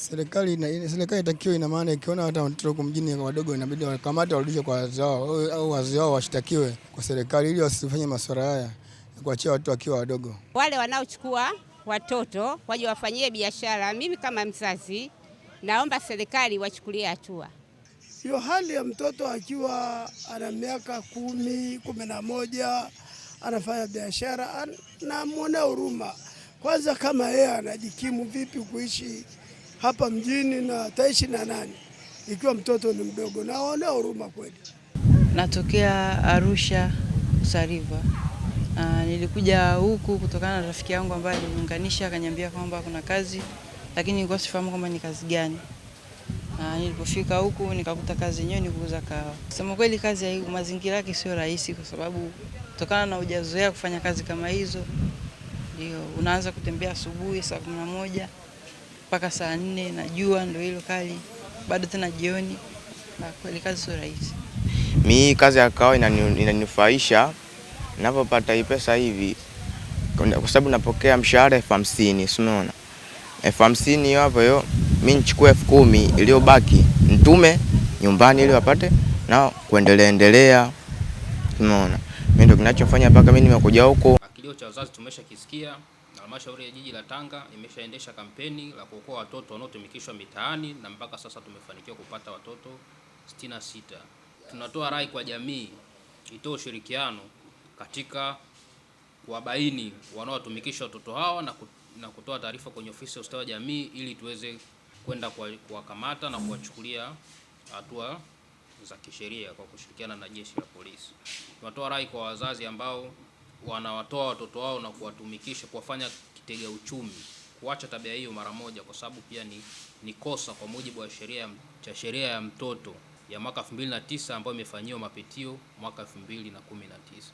Serikali ina serikali itakiwa ina maana ikiona hata watoto mjini wadogo inabidi wakamate warudishwe kwa wazazi wao au wazazi wao washtakiwe kwa serikali ili wasifanye masuala haya kuachia watu wakiwa wadogo. Wale wanaochukua watoto waje wafanyie biashara, mimi kama mzazi naomba serikali wachukulie hatua hiyo. Hali ya mtoto akiwa ana miaka kumi, kumi na moja anafanya biashara, namwonea huruma kwanza, kama yeye anajikimu vipi kuishi hapa mjini na taishi na nani ikiwa mtoto ni mdogo? Na huruma kweli. Natokea Arusha Usariva. Uh, nilikuja huku kutokana na rafiki yangu ambaye aliniunganisha akaniambia kwamba kuna kazi, lakini nilikuwa sifahamu kama ni kazi gani. Uh, nilipofika huku nikakuta kazi yenyewe ni kuuza kahawa. Sema kweli, kazi ya mazingira yake sio rahisi, kwa sababu kutokana na ujazoea kufanya kazi kama hizo, ndio unaanza kutembea asubuhi saa kumi na moja mpaka saa nne na jua ndio hilo kali, bado tena jioni, na kweli kazi sio rahisi. Mi kazi ya kawa inaninufaisha ninapopata hii pesa hivi, kwa sababu napokea mshahara elfu hamsini si unaona, elfu hamsini hiyo hapo hiyo, mi nichukue elfu kumi iliyobaki nitume nyumbani ili wapate na kuendelea endelea, unaona. Mi ndio kinachofanya mpaka mi nimekuja huko. Kilio cha wazazi tumesha kisikia. Halmashauri ya Jiji la Tanga imeshaendesha kampeni la kuokoa watoto wanaotumikishwa mitaani na mpaka sasa tumefanikiwa kupata watoto 66. Tunatoa rai kwa jamii itoe ushirikiano katika kuwabaini wanaotumikisha watoto hawa na kutoa taarifa kwenye ofisi ya ustawi wa jamii ili tuweze kwenda kuwakamata na kuwachukulia hatua za kisheria kwa kushirikiana na jeshi la polisi. Tunatoa rai kwa wazazi ambao wanawatoa watoto wao na kuwatumikisha, kuwafanya kitega uchumi. Kuacha tabia hiyo mara moja, kwa sababu pia ni, ni kosa kwa mujibu wa sheria cha sheria ya mtoto ya mwaka 2009 ambayo imefanyiwa mapitio mwaka 2019.